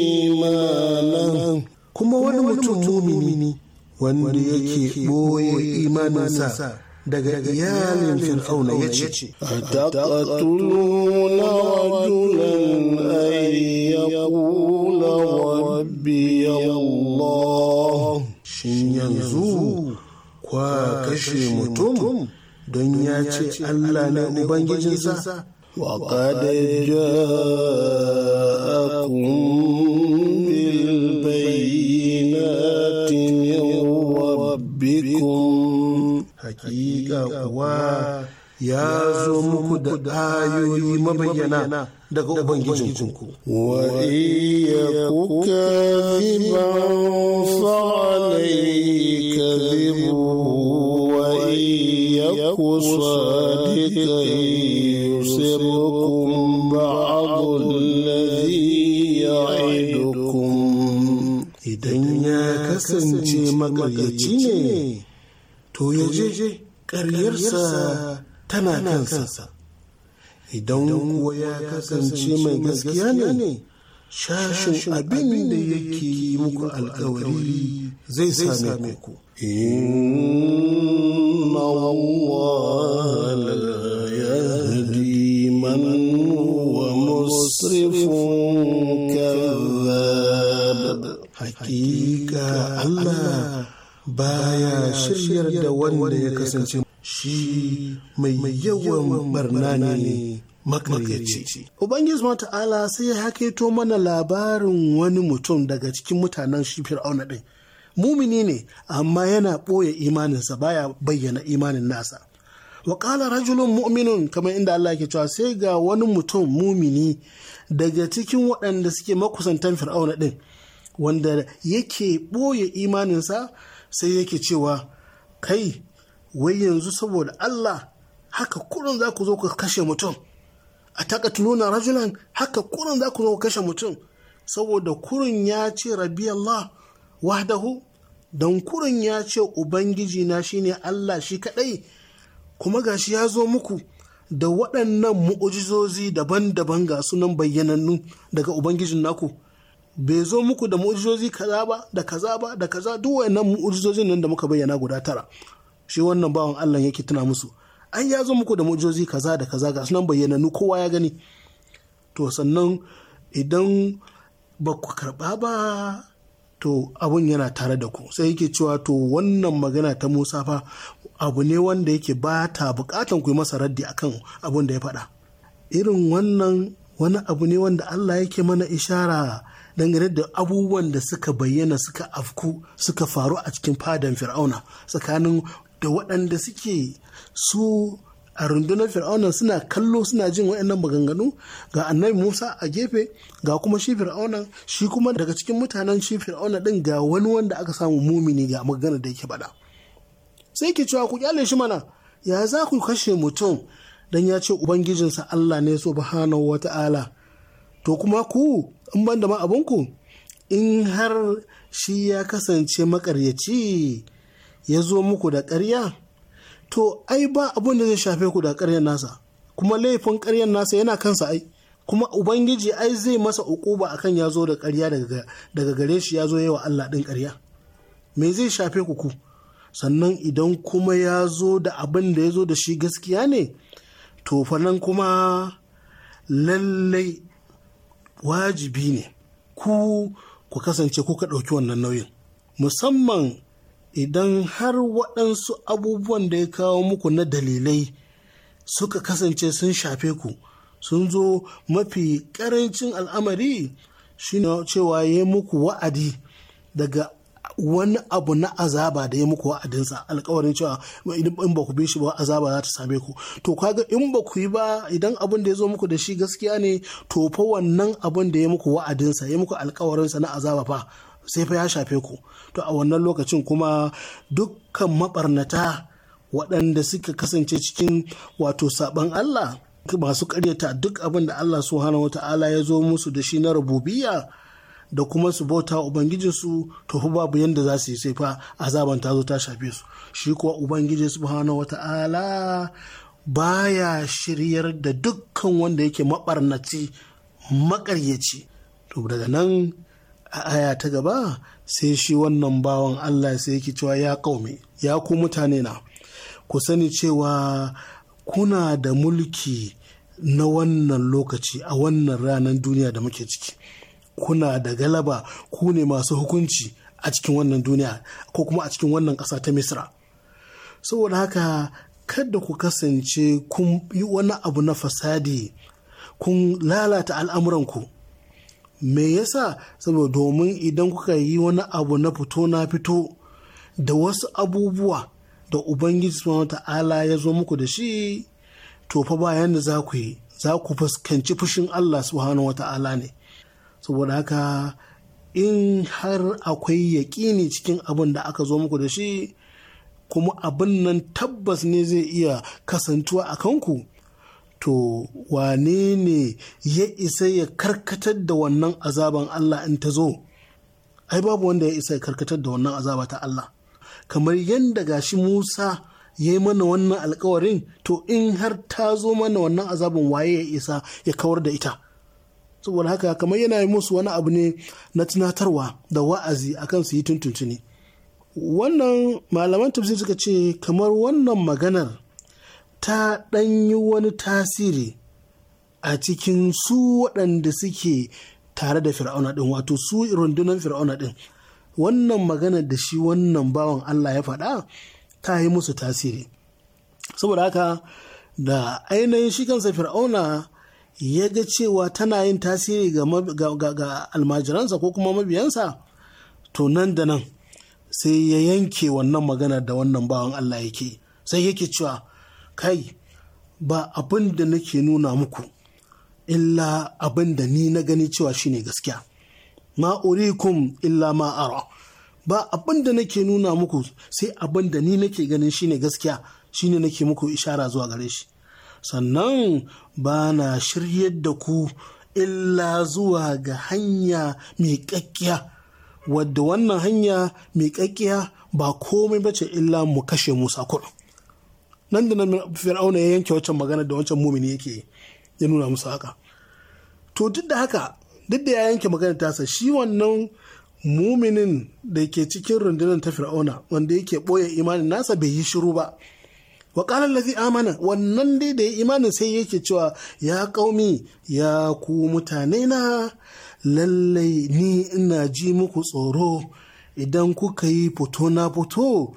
imanan kuma wani mutum mumini wanda yake boye imaninsa daga iyalin fir'auna yace ataqatuluna rajulan kwa kashe mutum don ya ce Allah na Ubangijinsa wa kada ja bikun hakika kuwa ya zo muku da ayoyi mabayyana daga ubangijinku wa iya kuka ziban fa'alai ka wa iya kusa dika yusirkum ba'adul ladhi ya'idukum idan ya kasance magaryaci ne to ya je ƙaryarsa tana kansa idan kuwa ya kasance mai gaskiya ne shashin abin da yake yi muku alkawari zai same ku inna Allah yahdi man huwa musrifun kadhab hakika Allah baya shiryar da wanda ya kasance shi mai yawan barna ne makaryaci. Ubangiji ma ta'ala sai ya haketo mana labarin wani mutum daga cikin mutanen shi fir'auna ɗin. Mumini ne, amma yana ɓoye imaninsa baya bayyana imanin nasa. Wa ƙala rajulun mu'minun kamar inda Allah ke cewa sai ga wani mutum mumini daga cikin waɗanda suke makusantan fir'auna ɗin wanda yake ɓoye imaninsa sai yake cewa kai wai yanzu saboda Allah haka kurin za ku zo ku kashe mutum a taqatuluna rajulan haka kurin za ku zo ku kashe mutum saboda kurin ya ce rabbi Allah wahdahu don kurin ya ce ubangiji na shine Allah shi kadai kuma gashi ya zo muku da waɗannan mu'ujizozi daban-daban ga sunan bayyanannu daga ubangijin naku bai zo muku da mu'ujizozi kaza ba da kaza ba da kaza duk wayannan mu'ujizozin nan da muka bayyana guda tara shi wannan bawan Allah yake tuna musu an ya zo muku da mujozi kaza da kaza ga sunan bayyananu kowa ya gani to sannan idan ba ku karɓa ba to abun yana tare da ku sai yake cewa to wannan magana ta musa fa abu ne wanda yake ba ta bukatan ku yi masa raddi akan abun da ya faɗa irin wannan wani abu ne wanda allah yake mana ishara dangane da abubuwan da suka bayyana suka afku suka faru a cikin fadan fir'auna tsakanin da waɗanda suke su a rundunar fir'auna suna kallo suna jin waɗannan maganganu ga annabi musa a gefe ga kuma shi fir'auna shi kuma daga cikin mutanen shi fir'auna din ga wani wanda aka samu mumini ga maganar da yake bada sai ke cewa ku kyale shi mana ya za ku kashe mutum dan ya ce ubangijinsa allah ne so subhanahu wata'ala to kuma ku in banda da ma abinku in har shi ya kasance makaryaci ya zo muku da karya to ai ba abin da zai shafe ku da ƙaryar nasa kuma laifin ƙaryar nasa yana kansa ai kuma ubangiji ai zai masa ukuba akan ya zo da ƙarya daga gare shi ya zo yawa Allah ɗin karya me zai shafe ku ku sannan idan kuma ya zo da abin da ya zo da shi gaskiya ne to nan kuma lallai wajibi ne ku ku kasance ka ɗauki wannan nauyin musamman idan har waɗansu abubuwan da ya kawo muku na dalilai suka kasance sun shafe ku sun zo mafi ƙarancin al'amari shine cewa ya muku wa'adi daga wani abu na azaba da ya muku wa'adinsa alkawarin cewa in ba ku bi shi ba azaba za ta same ku to kaga in ba ku yi ba idan abin da ya zo muku da shi gaskiya ne to fa wannan abin da ya muku wa'adinsa ya muku alkawarinsa na azaba fa sai fa ya shafe ku to a wannan lokacin kuma dukkan mabarnata waɗanda suka kasance cikin wato saɓan Allah masu karyata duk abin da Allah subhanahu wa ta'ala ya zo musu da shi na rububiyya da kuma su bauta ubangijinsu to fa babu yadda za su yi sai fa azaban ta zo ta shafe su shi kuwa ubangiji subhanahu wa ta'ala baya shiryar da dukkan wanda yake maɓarnaci maƙaryaci to daga nan a aya ta gaba sai shi wannan bawan Allah sai yake cewa ya kaume ya ku mutane na ku sani cewa kuna da mulki na wannan lokaci a wannan ranar duniya da muke ciki kuna da galaba ku ne masu hukunci a cikin wannan duniya ko kuma a cikin wannan ƙasa ta misra saboda haka kada ku kasance kun yi wani abu na fasadi kun lalata al'amuranku me yasa saboda domin idan kuka yi wani abu na fito na fito da wasu abubuwa da ubangiji subhanahu ta'ala ya zo muku da shi to fa bayan da za ku yi za ku fuskanci fushin Allah subhanahu ta'ala ne saboda haka in har akwai yaƙini cikin abin da aka zo muku da shi kuma abin nan tabbas ne zai iya kasantuwa a kanku to wane ne ya isa ya karkatar da wannan azaban Allah in ta zo ai babu wanda ya isa ya karkatar da wannan azaba ta Allah kamar yadda gashi Musa ya yi mana wannan alkawarin to in har ta zo mana wannan azabin waye ya isa ya kawar da ita saboda haka kamar yana yi musu wani abu ne na tunatarwa da wa'azi akan su yi tuntuntuni wannan malaman tafsir suka ce kamar wannan maganar ta ɗan yi wani tasiri a cikin su waɗanda suke tare da fir'auna ɗin wato su rundunar fir'auna ɗin wannan magana da shi wannan bawan Allah ya faɗa ta yi musu tasiri saboda haka da ainihin shi kansa fir'auna ya ga cewa tana yin tasiri ga, almajiransa ko kuma mabiyansa to nan da nan sai ya yanke wannan magana da wannan bawan Allah yake sai yake cewa kai ba abin da nake nuna muku illa abin da ni na gani cewa shine gaskiya ma urikum illa ma ara ba abin da nake nuna muku sai abin da ni nake ganin shine gaskiya shine nake muku ishara zuwa gare shi sannan ba na shiryar da ku illa zuwa ga hanya mai ƙaƙƙiya wadda wannan hanya mai ƙaƙƙiya ba komai bace illa mu kashe musa kuɗin nan da nan fir'auna ya yanke wancan magana da wancan mumini yake ya nuna musu haka to duk da haka duk da ya yanke magana tasa shi wannan muminin da ke cikin rundunar ta fir'auna wanda yake ɓoye imanin nasa bai yi shiru ba wa lafi amana wannan dai da ya imanin sai yake cewa ya ƙaumi ya ku mutane na lallai ni ina ji muku tsoro idan kuka yi fito na fito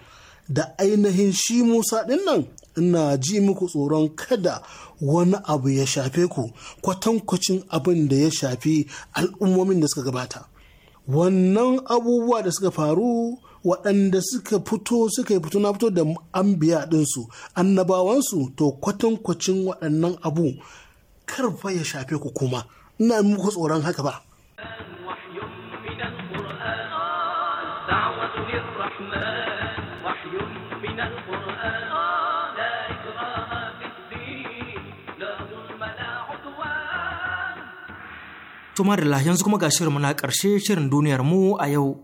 da ainihin shi musa ɗin nan ina ji muku tsoron kada wani abu ya shafe ku kwatankwacin abin da ya shafi al'ummomin da suka gabata wannan abubuwa da suka faru waɗanda suka fito suka yi fito na fito da ambiya ɗinsu annabawansu to kwatankwacin waɗannan abu karfa ya shafe ku kuma ina muku tsoron haka ba To Marilla yanzu kuma ga shirinmu na ƙarshe shirin duniyar mu a yau.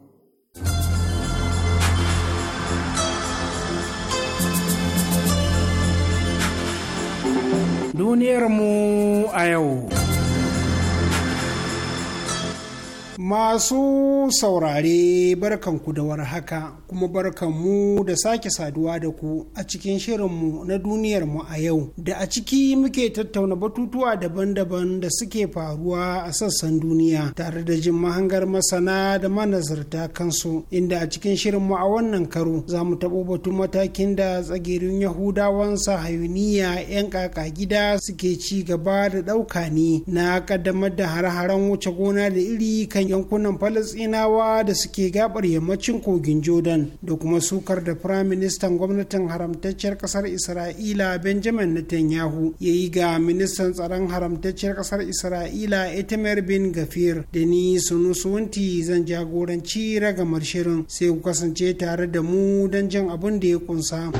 Duniyar mu a yau. Masu saurare barkan ku da war haka kuma barkanmu da sake saduwa da ku a cikin shirin mu na duniyarmu a yau da a ciki muke tattauna batutuwa daban-daban da suke faruwa a sassan duniya tare da jin mahangar masana da manazarta kansu inda a cikin shirin mu a wannan karo za mu taɓo batun matakin da tsagerin yahudawan sahayuniya 'yan kaka gida suke ci gaba da ɗauka ne na ƙaddamar da hare-haren wuce gona da iri kan yankunan falasinawa da suke gabar yammacin kogin jordan da kuma sukar da firaministan gwamnatin haramtacciyar kasar isra'ila benjamin netanyahu ya yi ga ministan tsaron haramtacciyar kasar isra'ila itamar bin gafir da ni sunusunti zan jagoranci ragamar shirin sai ku kasance tare da mu don jin abin da ya kunsa.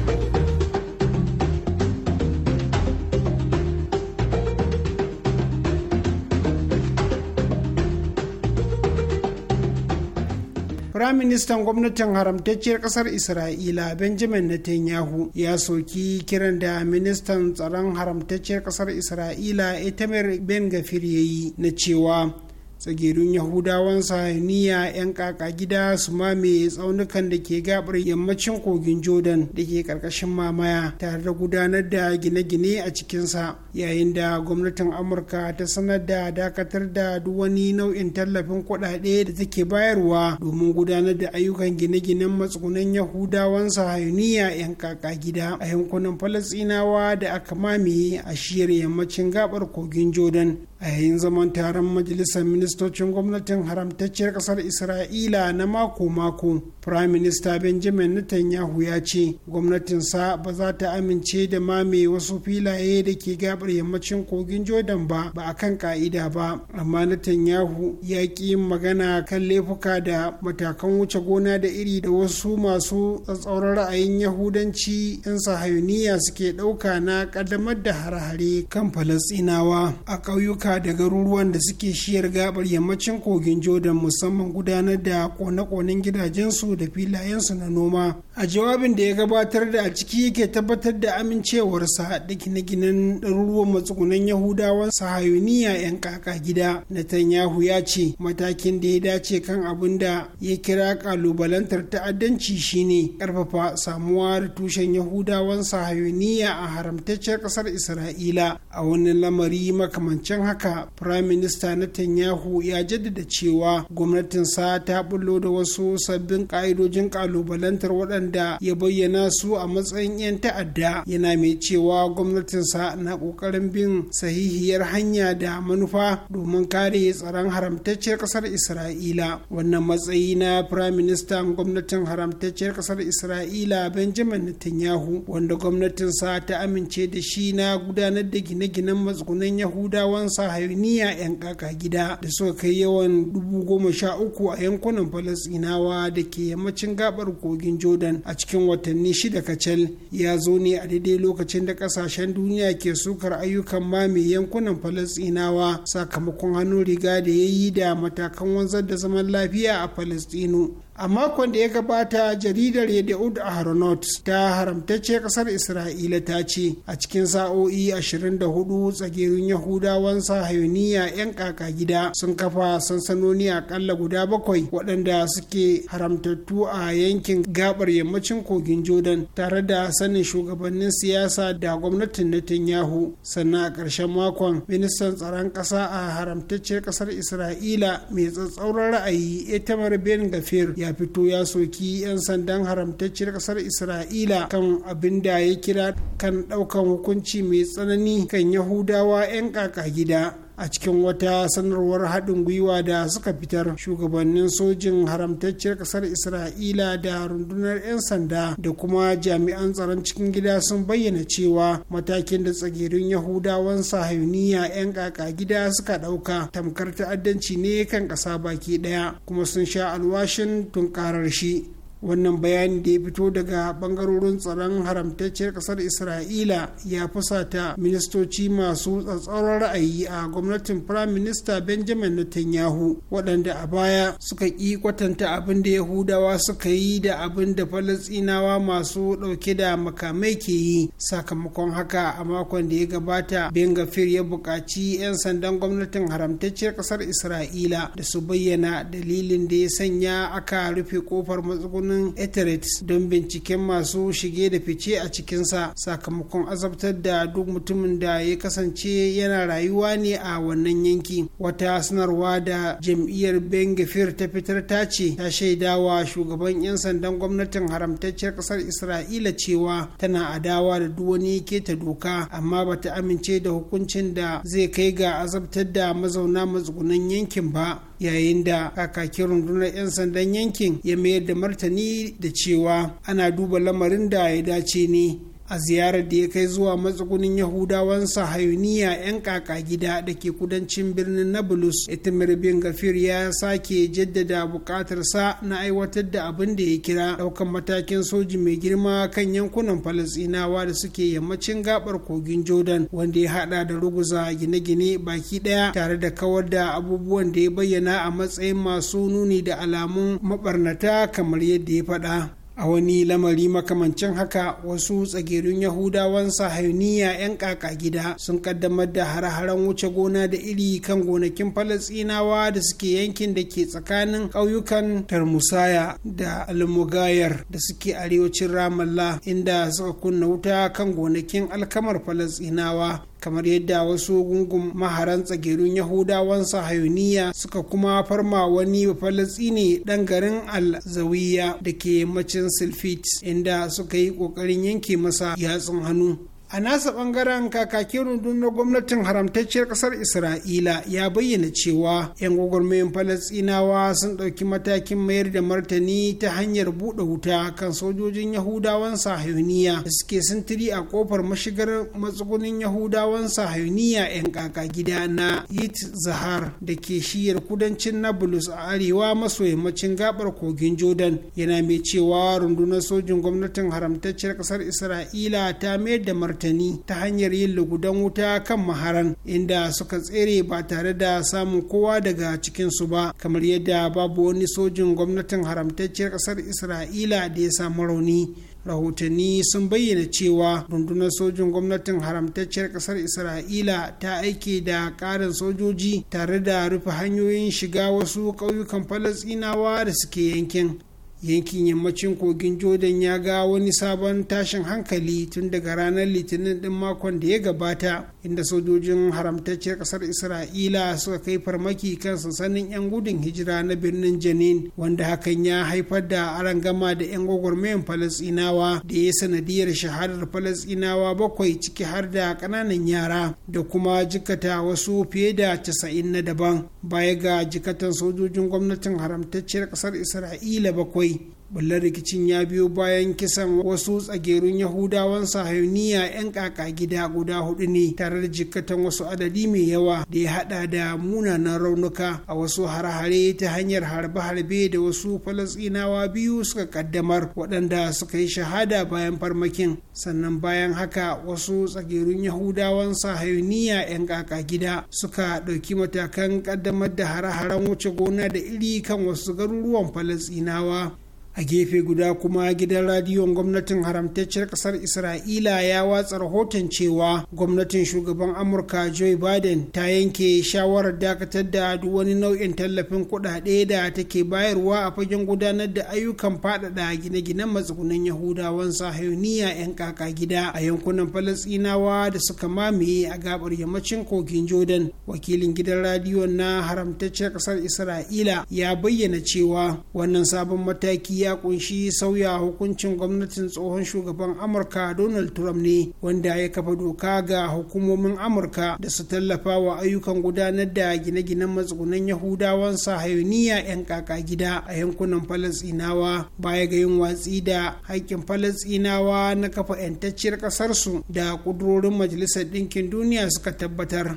Firaministan gwamnatin haramtacciyar ƙasar Isra'ila Benjamin Netanyahu ya soki kiran da ministan tsaron haramtacciyar ƙasar Isra'ila Itamar Ben Gafir ya yi na cewa tsagerun yahudawan sahaniya 'yan kaka gida su mamaye tsaunukan da ke gabar yammacin kogin jordan da ke karkashin mamaya tare da gudanar da gine-gine a cikinsa yayin da gwamnatin amurka ta sanar da dakatar da duk wani nau'in tallafin kuɗaɗe da take bayarwa domin gudanar da ayyukan gine-ginen matsugunan yahudawan sahaniya 'yan kaka gida a yankunan falasinawa da aka mamaye a shiyar yammacin gabar kogin jordan a yayin zaman taron majalisar ministocin gwamnatin haramtacciyar kasar isra'ila na mako-mako prime minister benjamin netanyahu ya ce gwamnatinsa ba za ta amince da mame wasu filaye da ke gabar yammacin kogin jordan ba ba a kan ka'ida ba amma netanyahu ya ƙi magana kan laifuka da matakan wuce gona da iri da wasu masu tsatsauran ra'ayin yahudanci 'yan sahayuniya suke ɗauka na ƙaddamar da hare-hare kan falasɗinawa a ƙauyuka ƙauyuka da garuruwan da suke shiyar gabar yammacin kogin jordan musamman gudanar da kone-konen gidajensu da filayensu na noma a jawabin da ya gabatar da a ciki yake tabbatar da amincewarsa da gine-ginen ɗaruruwan matsugunan yahudawan sahayuniya 'yan kaka gida netanyahu ya ce matakin da ya dace kan abin da ya kira kalubalantar ta'addanci shine karfafa samuwa da tushen yahudawan sahayuniya a haramtaccen ƙasar isra'ila a wani lamari makamancin haka haka prime minister netanyahu ya jaddada cewa gwamnatinsa ta bullo da wasu sabbin ka'idojin kalubalantar waɗanda ya bayyana su a matsayin 'yan ta'adda yana mai cewa gwamnatinsa na ƙoƙarin bin sahihiyar hanya da manufa domin kare tsaron haramtacciyar ƙasar isra'ila wannan matsayi na prime minister gwamnatin haramtacciyar ƙasar isra'ila benjamin netanyahu wanda gwamnatinsa ta amince da shi na gudanar da gine-ginen matsugunan yahudawansa hayaniya 'yan kaka gida da suka kai yawan dubu goma sha uku a yankunan falasinawa da ke yammacin gabar kogin jordan a cikin watanni shida kacal ya zo ne a daidai lokacin da kasashen duniya ke sukar ayyukan mame yankunan falasinawa sakamakon hannun riga da ya yi da matakan wanzar da zaman lafiya a falasinu a makon da ya gabata jaridar yadda'ud ahronot ta haramtacce kasar isra'ila ta ce a cikin sa'o'i 24 tsagerin yahudawan sahayoniya 'yan kaka gida sun kafa sansanoni a akalla guda bakwai waɗanda suke haramtattu a yankin gabar yammacin kogin jordan tare da sanin shugabannin siyasa da gwamnatin netanyahu sannan a ƙarshen makon ministan tsaron ƙasa a haramtacce kasar isra'ila mai tsatsauran ra'ayi etamar ben gafir ya ya fito ya soki 'yan sandan haramtacciyar kasar isra'ila kan abin da ya kira kan daukan hukunci mai tsanani kan yahudawa 'yan kaka gida a cikin wata sanarwar haɗin gwiwa da suka fitar shugabannin sojin haramtacciyar ƙasar isra'ila da rundunar 'yan sanda da kuma jami'an tsaron cikin gida sun bayyana cewa matakin da tsagirin yahudawan sahayuniya 'yan ƙaƙa gida suka ɗauka tamkar ta'addanci ne kan ƙasa baki ɗaya kuma sun sha alwashin tunkarar shi wannan bayani da ya fito daga bangarorin tsaron haramtacciyar kasar isra'ila ya fusata ministoci masu tsatsauran ra'ayi a gwamnatin prime minister benjamin netanyahu waɗanda a baya suka ƙi kwatanta abin da yahudawa suka yi da abin da falastinawa masu ɗauke da makamai ke yi sakamakon haka a makon da ya gabata ben gafir ya buƙaci 'yan sandan gwamnatin haramtacciyar kasar isra'ila da su bayyana dalilin da ya sanya aka rufe kofar matsugun birnin Eteret don binciken masu shige da fice a cikinsa sakamakon azabtar da duk mutumin da ya kasance yana rayuwa ne a wannan yanki. Wata sanarwa da jam'iyyar Bengafir ta fitar ta ce ta shaidawa shugaban 'yan sandan gwamnatin haramtaccen ƙasar Isra'ila cewa tana adawa da duk wani keta doka amma bata amince da hukuncin da zai kai ga azabtar da mazauna matsugunan yankin ba yayin da kakakin rundunar 'yan sandan yankin ya mayar da martani Ni da cewa ana duba lamarin da ya dace ne a ziyarar da ya kai zuwa matsugunin yahudawan sahayuniya 'yan kaka gida da ke kudancin birnin nablus Itamar bin gafir ya sake jaddada bukatarsa na aiwatar da abin da ya kira daukan matakin soji mai girma kan yankunan falasinawa da suke yammacin gabar kogin jordan wanda ya hada da ruguza gine-gine baki daya tare da kawar da abubuwan da ya bayyana a matsayin masu nuni da alamun mabarnata kamar yadda ya faɗa a wani lamari makamancin haka wasu tsagerun yahudawan sahayuniya 'yan kaka gida sun kaddamar da hare-haren wuce gona da iri kan gonakin falasinawa da suke yankin da ke tsakanin ƙauyukan tarmusaya da almugayar da suke arewacin ramallah inda suka kunna wuta kan gonakin alkamar falasinawa kamar yadda wasu gungun maharan tsagerun yahudawan sahayuniya suka kuma farma wani falastini ɗan garin al-zawiya da ke macin silfit inda suka yi ƙoƙarin yanke masa yatsun hannu a nasa bangaren kakakin rundunar gwamnatin haramtacciyar kasar isra'ila ya bayyana cewa 'yan gwagwarmayin falasinawa sun ɗauki matakin mayar da martani ta hanyar buɗe wuta kan sojojin yahudawan sahauniya da suke sintiri a kofar mashigar matsugunin yahudawan sahauniya 'yan kaka gida na yit zahar da ke shiyar kudancin nablus a arewa maso yammacin gabar kogin jordan yana mai cewa rundunar sojin gwamnatin haramtacciyar kasar isra'ila ta mayar da martani martani ta hanyar yin lugudan wuta kan maharan inda suka tsere ba tare da samun kowa daga cikinsu ba kamar yadda babu wani sojin gwamnatin haramtacciyar ƙasar isra'ila da ya samu rauni rahotanni sun bayyana cewa rundunar sojin gwamnatin haramtacciyar kasar isra'ila ta aike da ƙarin sojoji tare da rufe hanyoyin shiga wasu ƙauyukan falasinawa da suke yankin yankin yammacin kogin jordan ya ga wani sabon tashin hankali tun daga ranar litinin din makon da ya gabata inda sojojin haramtacciyar kasar isra'ila suka kai farmaki kan sansanin 'yan gudun hijira na birnin janin wanda hakan ya haifar da arangama da 'yan gwagwarmayan falasinawa da ya sanadiyar shahadar falasinawa bakwai ciki har da kananan yara da kuma jikata wasu fiye da casa'in na daban baya ga jikatan sojojin gwamnatin haramtacciyar kasar isra'ila bakwai ballar rikicin ya biyo bayan kisan wasu tsagerun yahudawan Sahauniya 'yan kaka gida guda hudu ne tare da jikkatan wasu adadi mai yawa da ya hada da munanan raunuka a wasu harhare ta hanyar harbe-harbe da wasu falasinawa biyu suka kaddamar waɗanda suka yi shahada bayan farmakin sannan bayan haka wasu tsagerun yahudawan Sahauniya 'yan kaka gida suka ɗauki matakan kaddamar da hare-haren wuce gona da iri kan wasu garuruwan falasinawa a gefe guda kuma gidan radiyon gwamnatin haramtacciyar kasar isra'ila ya watsa rahoton cewa gwamnatin shugaban amurka joe biden ta yanke shawarar dakatar da duk wani nau'in tallafin kuɗaɗe da take bayarwa a fagen gudanar da ayyukan faɗaɗa gine-ginen matsugunan yahudawan sahiyoniya 'yan kaka gida a yankunan falasɗinawa da suka mamaye a gabar yammacin kogin jordan wakilin gidan radiyon na haramtacciyar kasar isra'ila ya bayyana cewa wannan sabon mataki ya. ya kunshi sauya hukuncin gwamnatin tsohon shugaban amurka donald trump ne wanda ya kafa doka ga hukumomin amurka da su tallafa wa ayyukan gudanar da gine-ginen matsugunan yahudawan sahayoniya 'yan kaka gida a yankunan falasinawa baya ga yin watsi da haƙƙin falasinawa na kafa 'yantacciyar ƙasarsu da ƙudurorin majalisar ɗinkin duniya suka tabbatar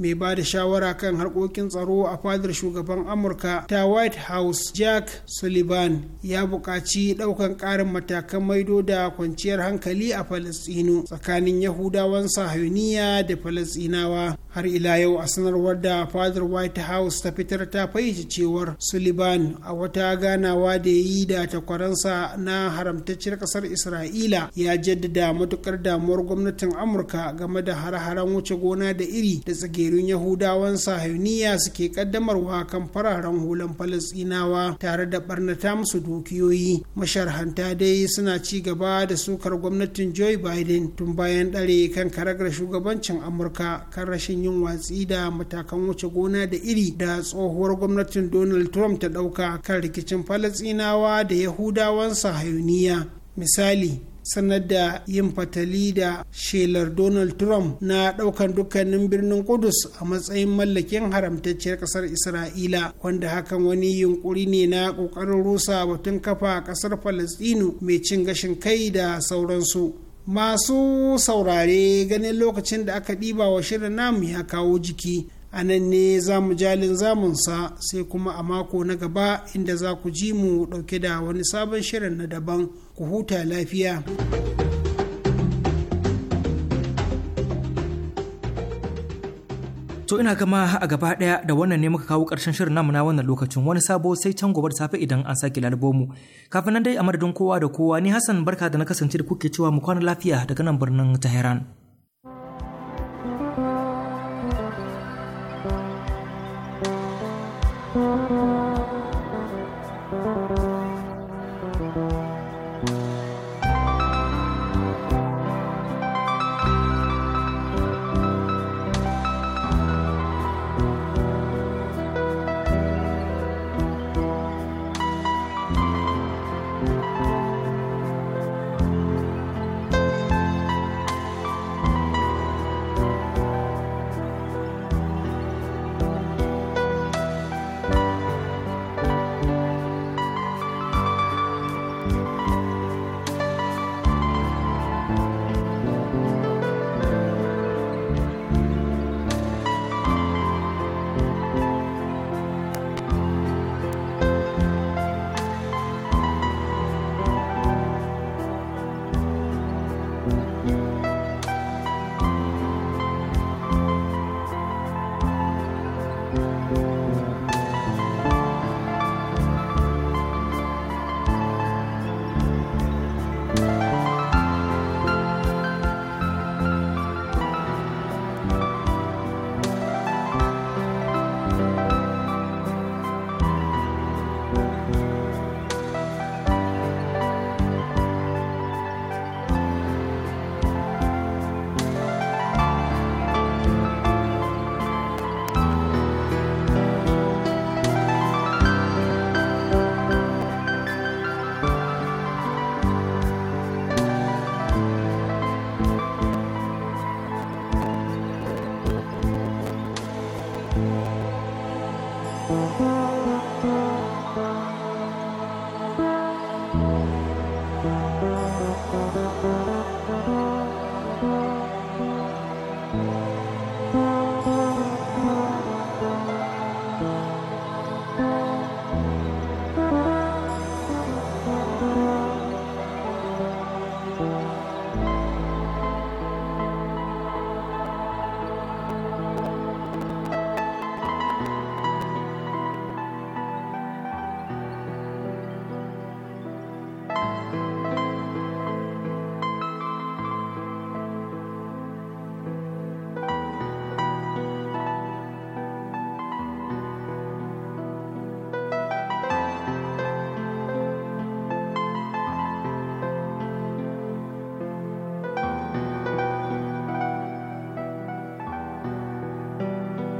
mai ba da shawara kan harkokin tsaro a fadar shugaban amurka ta white house jack sullivan ya buƙaci ɗaukan ƙarin matakan maido da kwanciyar hankali a falastinu tsakanin yahudawan sahuniya da falastinawa har ila yau a sanarwar da fadar white house ta fitar ta fayyace cewar sullivan a wata ganawa da ya yi da takwaransa na haramtacciyar ƙasar isra'ila ya jaddada matukar damuwar gwamnatin amurka game da hare-haren wuce gona da iri da tsige ƙabilun yahudawan sahayuniya suke kaddamarwa kan fararen hulan falasinawa tare da barnata musu dukiyoyi masharhanta dai suna ci gaba da sukar gwamnatin joe biden tun bayan dare kan karagar shugabancin amurka kan rashin yin watsi da matakan wuce gona da iri da tsohuwar gwamnatin donald trump ta dauka kan rikicin falasinawa da yahudawan sahayuniya misali sanar da yin fatali da shelar donald trump na daukan dukkanin birnin kudus a matsayin mallakin haramtacciyar kasar isra'ila wanda hakan wani yunkuri ne na kokarin rusa batun kafa kasar palestinu mai cin gashin kai da sauransu masu saurare ganin lokacin da aka ɗiba wa shirin namu ya kawo jiki a nan ne za mu jalin zamunsa sai kuma a mako na gaba inda za ku ji mu ɗauke da wani sabon shirin na daban ku huta lafiya to ina gama a gaba daya da wannan ne muka kawo karshen shirin namu na wannan lokacin wani sabo sai can gobe da safe idan an sake lalubo mu kafin nan dai a madadin kowa da kowa ni hassan barka da na kasance da kuke cewa mu kwana lafiya daga nan birnin tehran